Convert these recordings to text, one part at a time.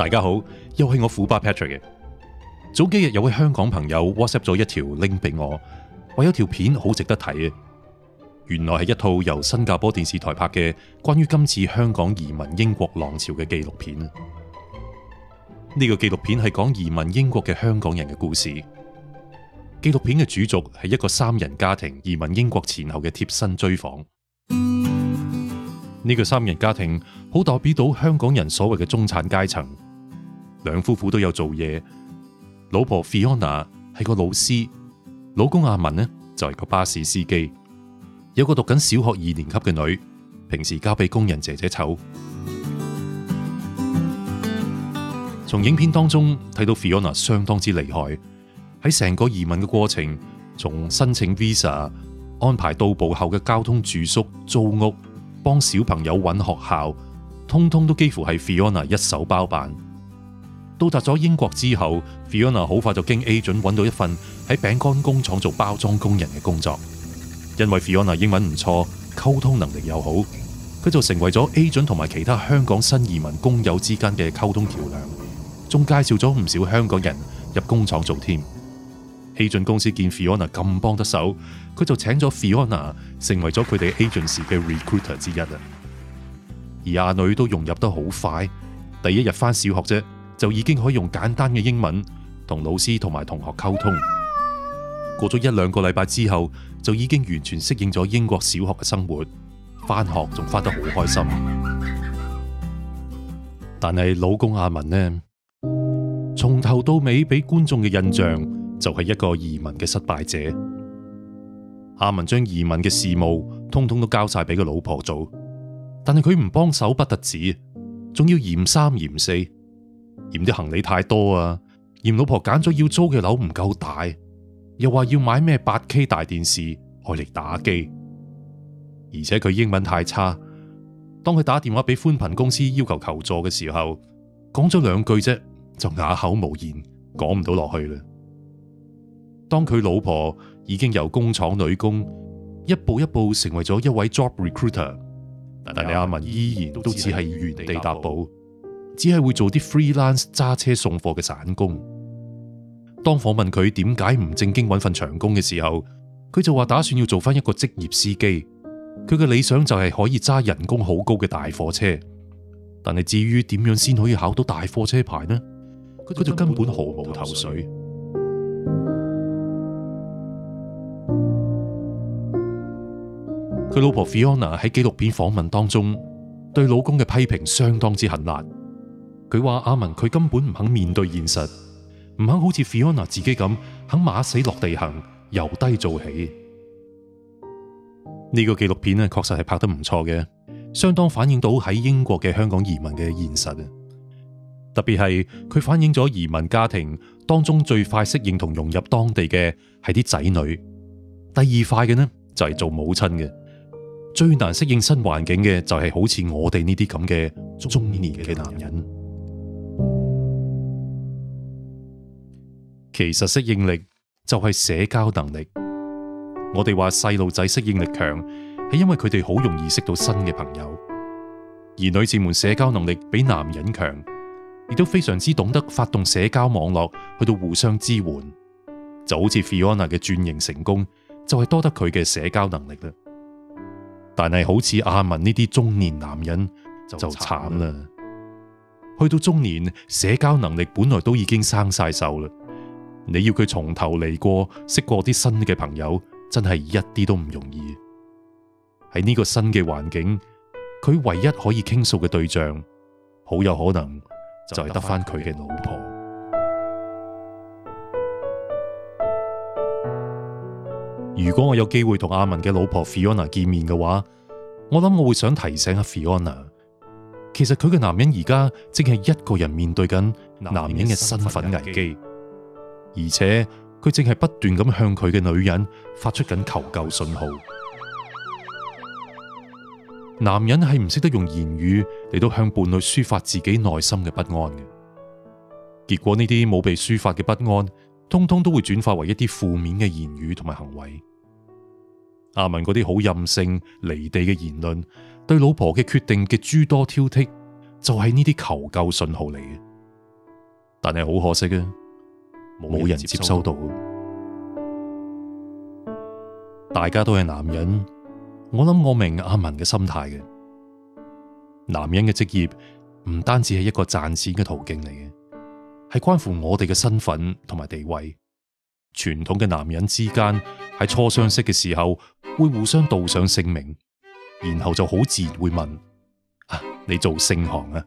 大家好，又係我虎爸 Patrick 嘅。早幾日有位香港朋友 WhatsApp 咗一條 link 俾我，話有條片好值得睇嘅。原來係一套由新加坡電視台拍嘅關於今次香港移民英國浪潮嘅紀錄片。呢個紀錄片係講移民英國嘅香港人嘅故事。紀錄片嘅主軸係一個三人家庭移民英國前後嘅貼身追訪。呢個三人家庭好代表到香港人所謂嘅中產階層。兩夫婦都有做嘢，老婆 Fiona 係個老師，老公阿文呢就係個巴士司機，有個讀緊小學二年級嘅女，平時交俾工人姐姐湊。從影片當中睇到 Fiona 相當之厲害，喺成個移民嘅過程，從申請 visa 安排到埗後嘅交通、住宿、租屋，幫小朋友揾學校，通通都幾乎係 Fiona 一手包辦。到達咗英國之後，Fiona 好快就經 Agent 揾到一份喺餅乾工廠做包裝工人嘅工作。因為 Fiona 英文唔錯，溝通能力又好，佢就成為咗 Agent 同埋其他香港新移民工友之間嘅溝通橋樑，仲介紹咗唔少香港人入工廠做添。Agent 公司見 Fiona 咁幫得手，佢就請咗 Fiona 成為咗佢哋 Agent 時嘅 recruiter 之一啊。而阿女都融入得好快，第一日返小學啫。就已經可以用簡單嘅英文同老師同埋同學溝通。過咗一兩個禮拜之後，就已經完全適應咗英國小學嘅生活，翻學仲翻得好開心。但係老公阿文呢，從頭到尾俾觀眾嘅印象就係一個移民嘅失敗者。阿文將移民嘅事務通通都交晒俾個老婆做，但係佢唔幫手不得止，仲要嫌三嫌四。嫌啲行李太多啊，嫌老婆揀咗要租嘅樓唔夠大，又話要買咩八 K 大電視愛嚟打機，而且佢英文太差。當佢打電話俾寬頻公司要求求助嘅時候，講咗兩句啫，就啞口無言，講唔到落去啦。當佢老婆已經由工廠女工一步一步成為咗一位 job recruiter，但係李亞文依然都只係原地踏步。只係會做啲 freelance 揸車送貨嘅散工。當訪問佢點解唔正經搵份長工嘅時候，佢就話打算要做翻一個職業司機。佢嘅理想就係可以揸人工好高嘅大貨車。但係至於點樣先可以考到大貨車牌呢？佢就根本毫無頭緒。佢老婆 Fiona 喺紀錄片訪問當中對老公嘅批評相當之狠辣。佢話阿文佢根本唔肯面對現實，唔肯好似 Fiona 自己咁肯馬死落地行，由低做起。呢個紀錄片咧，確實係拍得唔錯嘅，相當反映到喺英國嘅香港移民嘅現實啊。特別係佢反映咗移民家庭當中最快適應同融入當地嘅係啲仔女，第二快嘅呢就係做母親嘅，最難適應新環境嘅就係好似我哋呢啲咁嘅中年嘅男人。其實適應力就係社交能力。我哋話細路仔適應力強，係因為佢哋好容易識到新嘅朋友。而女士們的社交能力比男人強，亦都非常之懂得發動社交網絡去到互相支援。就好似 Fiona 嘅轉型成功，就係、是、多得佢嘅社交能力啦。但係好似阿文呢啲中年男人就慘啦，慘去到中年社交能力本來都已經生曬手啦。你要佢從頭嚟過，識過啲新嘅朋友，真係一啲都唔容易。喺呢個新嘅環境，佢唯一可以傾訴嘅對象，好有可能就係得返佢嘅老婆。 如果我有機會同阿文嘅老婆 Fiona 見面嘅話，我諗我會想提醒下 Fiona，其實佢嘅男人而家正係一個人面對緊男人嘅身份危機。而且佢正係不斷咁向佢嘅女人發出緊求救信號。男人係唔識得用言語嚟到向伴侶抒發自己內心嘅不安嘅。結果呢啲冇被抒發嘅不安，通通都會轉化為一啲負面嘅言語同埋行為。阿文嗰啲好任性、離地嘅言論，對老婆嘅決定嘅諸多挑剔，就係呢啲求救信號嚟嘅。但係好可惜啊！冇人接收到，大家都係男人，我諗我明阿文嘅心態嘅。男人嘅職業唔單止係一個賺錢嘅途徑嚟嘅，係關乎我哋嘅身份同埋地位。傳統嘅男人之間喺初相識嘅時候會互相道上姓名，然後就好自然會問：啊，你做盛行啊？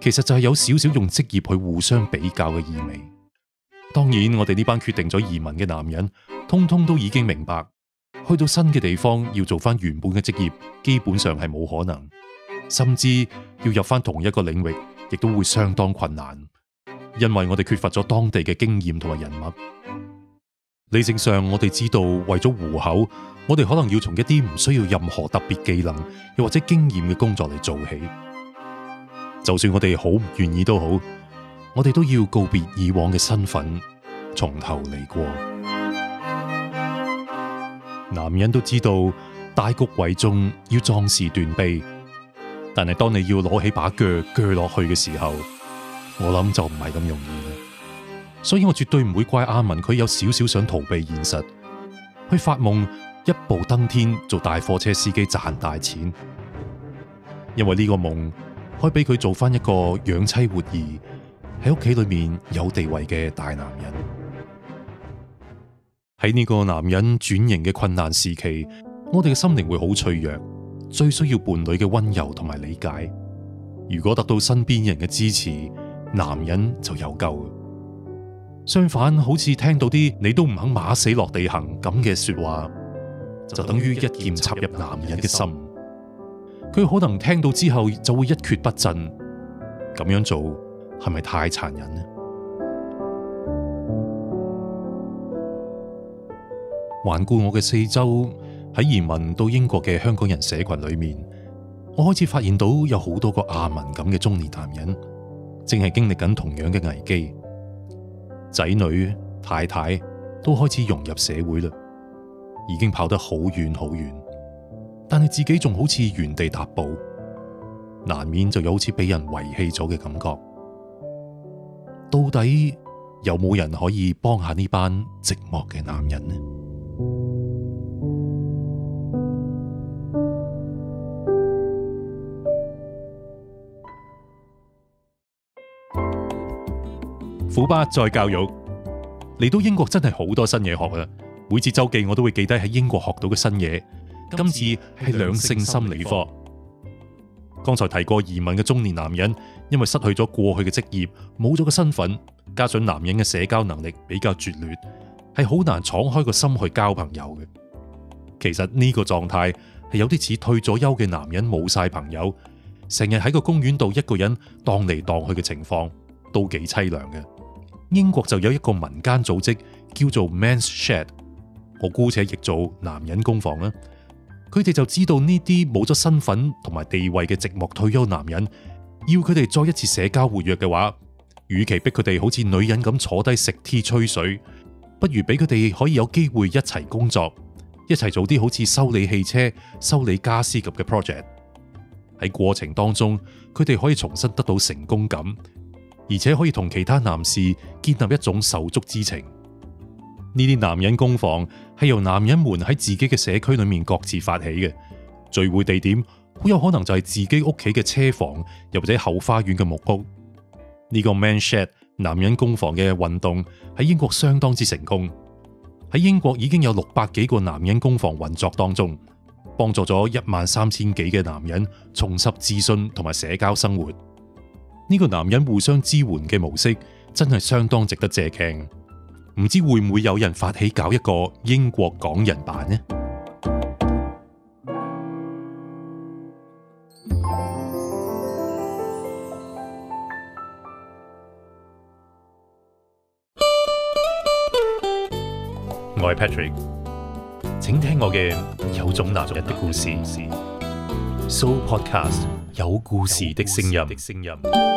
其實就係有少少用職業去互相比較嘅意味。當然，我哋呢班決定咗移民嘅男人，通通都已經明白，去到新嘅地方要做翻原本嘅職業，基本上係冇可能，甚至要入翻同一個領域，亦都會相當困難，因為我哋缺乏咗當地嘅經驗同埋人脈。理性上，我哋知道為咗糊口，我哋可能要從一啲唔需要任何特別技能又或者經驗嘅工作嚟做起，就算我哋好唔願意都好。我哋都要告別以往嘅身份，從頭嚟過。男人都知道大局為重，要壯士斷臂，但係當你要攞起把鋸鋸落去嘅時候，我諗就唔係咁容易。所以我絕對唔會怪阿文佢有少少想逃避現實，去發夢一步登天做大貨車司機賺大錢，因為呢個夢可以俾佢做翻一個養妻活兒喺屋企裏面有地位嘅大男人，喺呢個男人轉型嘅困難時期，我哋嘅心靈會好脆弱，最需要伴侶嘅溫柔同埋理解。如果得到身邊人嘅支持，男人就有救。相反，好似聽到啲你都唔肯馬死落地行咁嘅說話，就等於一劍插入男人嘅心。佢可能聽到之後就會一蹶不振。咁樣做。係咪太殘忍咧？環顧我嘅四周，喺移民到英國嘅香港人社群裏面，我開始發現到有好多個亞文咁嘅中年男人，正係經歷緊同樣嘅危機。仔女、太太都開始融入社會啦，已經跑得好遠好遠，但係自己仲好似原地踏步，難免就有好似俾人遺棄咗嘅感覺。到底有冇人可以幫下呢班寂寞嘅男人呢？苦巴再教育嚟到英國真係好多新嘢學啊！每次周記我都會記得喺英國學到嘅新嘢，今次係兩性心理科。剛才提過移民嘅中年男人，因為失去咗過去嘅職業，冇咗個身份，加上男人嘅社交能力比較拙劣，係好難敞開個心去交朋友嘅。其實呢個狀態係有啲似退咗休嘅男人冇晒朋友，成日喺個公園度一個人蕩嚟蕩去嘅情況，都幾淒涼嘅。英國就有一個民間組織叫做 Men’s Shed，我姑且譯做男人工房啦。佢哋就知道呢啲冇咗身份同埋地位嘅寂寞退休男人，要佢哋再一次社交活躍嘅話，與其逼佢哋好似女人咁坐低食 tea 吹水，不如俾佢哋可以有機會一齊工作，一齊做啲好似修理汽車、修理家私咁嘅 project。喺過程當中，佢哋可以重新得到成功感，而且可以同其他男士建立一種手足之情。呢啲男人工房係由男人們喺自己嘅社區裏面各自發起嘅。聚會地點好有可能就係自己屋企嘅車房，又或者後花園嘅木屋。呢個 man shed 男人工房嘅運動喺英國相當之成功，喺英國已經有六百幾個男人工房運作當中，幫助咗一萬三千幾嘅男人重拾自信同埋社交生活。呢個男人互相支援嘅模式真係相當值得借鏡。唔知會唔會有人發起搞一個英國港人版呢？我係 Patrick，請聽我嘅有種男人的故事，So Podcast 有故事的聲音。